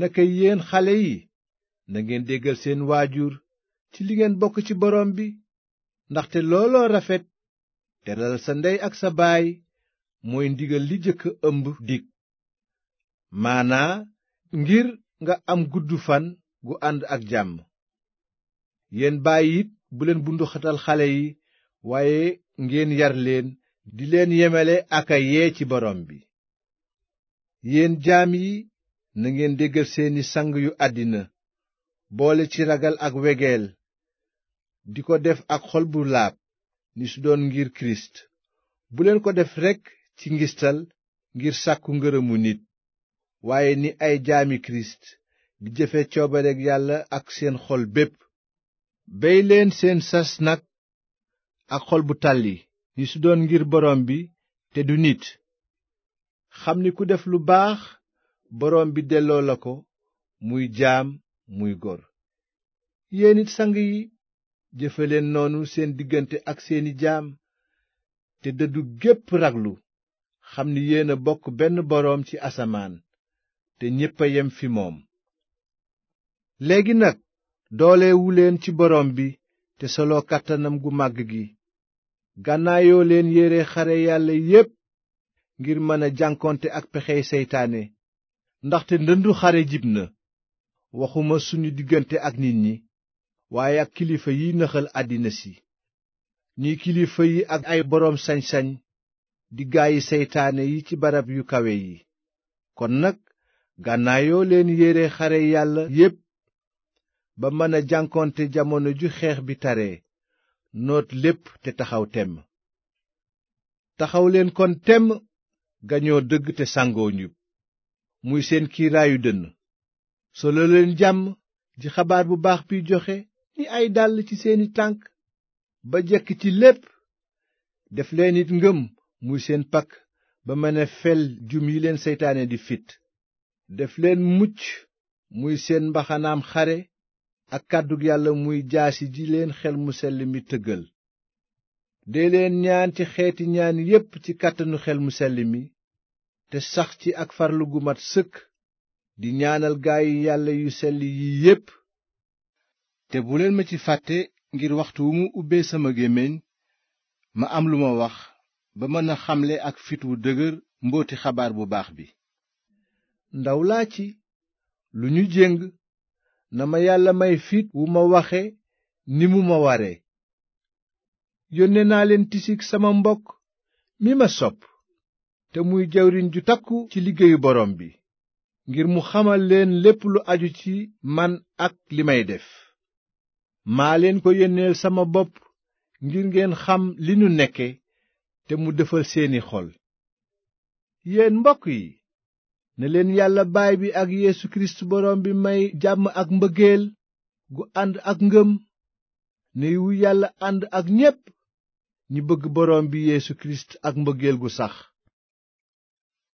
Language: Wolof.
naka yéen xale yi nangeen déggal seen waajur ci li ngeen bokk ci boroom bi ndaxte looloo rafet teral sa ndey ak sa baay mooy ndigal li jëkk ëmb dig maanaa ngir nga am gudd fan gu ànd ak jàmm yéen baay it buleen bunduxatal xale yi waaye ngeen yar leen di leen yemale ak yee ci boroom bi na ngeen déggal seeni sang yu àddina boole ci ragal ak wegeel di ko def ak xol bu laab ni su doon ngir kirist buleen ko def rekk ci ngistal ngir sàkku ngërëmu nit waaye ni ay jaami kirist di jëfe coobareek yàlla ak seen xol bépp bey leen seen sas nag ak xol bu tàlli ni su doon ngir borom bi te du nit xam ni ku def lu baax boroom bi delloo la ko muy jaam muy gor yéen it sang yi jëfe leen noonu seen diggante ak seeni jaam te dëddu gépp raglu xam ni yéen bokk benn boroom ci asamaan te ñépp a yem fi moom léegi nag doolewu leen ci boroom bi te solo kàttanam gu màgg gi gànnaayoo leen yére xare yàlla yépp ngir mën a jànkonte ak pexey seytaane ndaxte ndëndu xare jib na waxuma suñu diggante ak nit ñi waaye ak kilifa yiy nëxal àddina si ñuy kilifa yi ak ay boroom sañsañ di gaayi seytaane yi ci barab yu kawe yi kon nag gànnaayoo leen yére xare yàlla yépp ba mëna a jànkoonte jamono ju xeex bi tare noot lépp te taxaw temm taxaw leen kon temm gañoo dëgg te sangoo njub muy seen kiiraayu dënn soloo leen jàmm ji xabaar bu baax biy joxe ni ay dàll ci seeni tànk ba jekk ci lépp def leen it ngëm muy seen pakk ba mën a fel jum yi leen seytaane di fit def leen mucc muy seen mbaxanaam xare ak kàddug yàlla muy jaasi ji leen xel mu sell mi tëggal dee leen ñaan ci xeeti ñaan yépp ci kàttanu xel mu sell mi te sax ci ak farlu gu mat sëkk di ñaanal gaay yàlla yu sell yi yépp te bu leen ma ci fàtte ngir waxtu wu mu ubbee sama gémmiñ ma am lu ma wax ba mën a xamle ak fit wu dëgër mbooti xabaar bu baax bi ndaw laa ci lu ñu jéng na ma yàlla may fit wu ma waxe ni mu ma ware yónne naa leen tisik sama mbokk mi ma sopp te muy jawriñ ju takku ci liggéeyu borom bi ngir mu xamal leen lépp lu aju ci man ak li may def maa leen ko yónneel sama bopp ngir ngeen xam li nu nekke te mu defal seeni xol yéen mbokk yi ne leen yàlla baay bi ak yeesu kirist borom bi may jàmm ak mbëggeel gu ànd ak ngëm ne wu yàlla ànd ak ñépp ñi bëgg borom bi yeesu kirist ak mbëggeel gu sax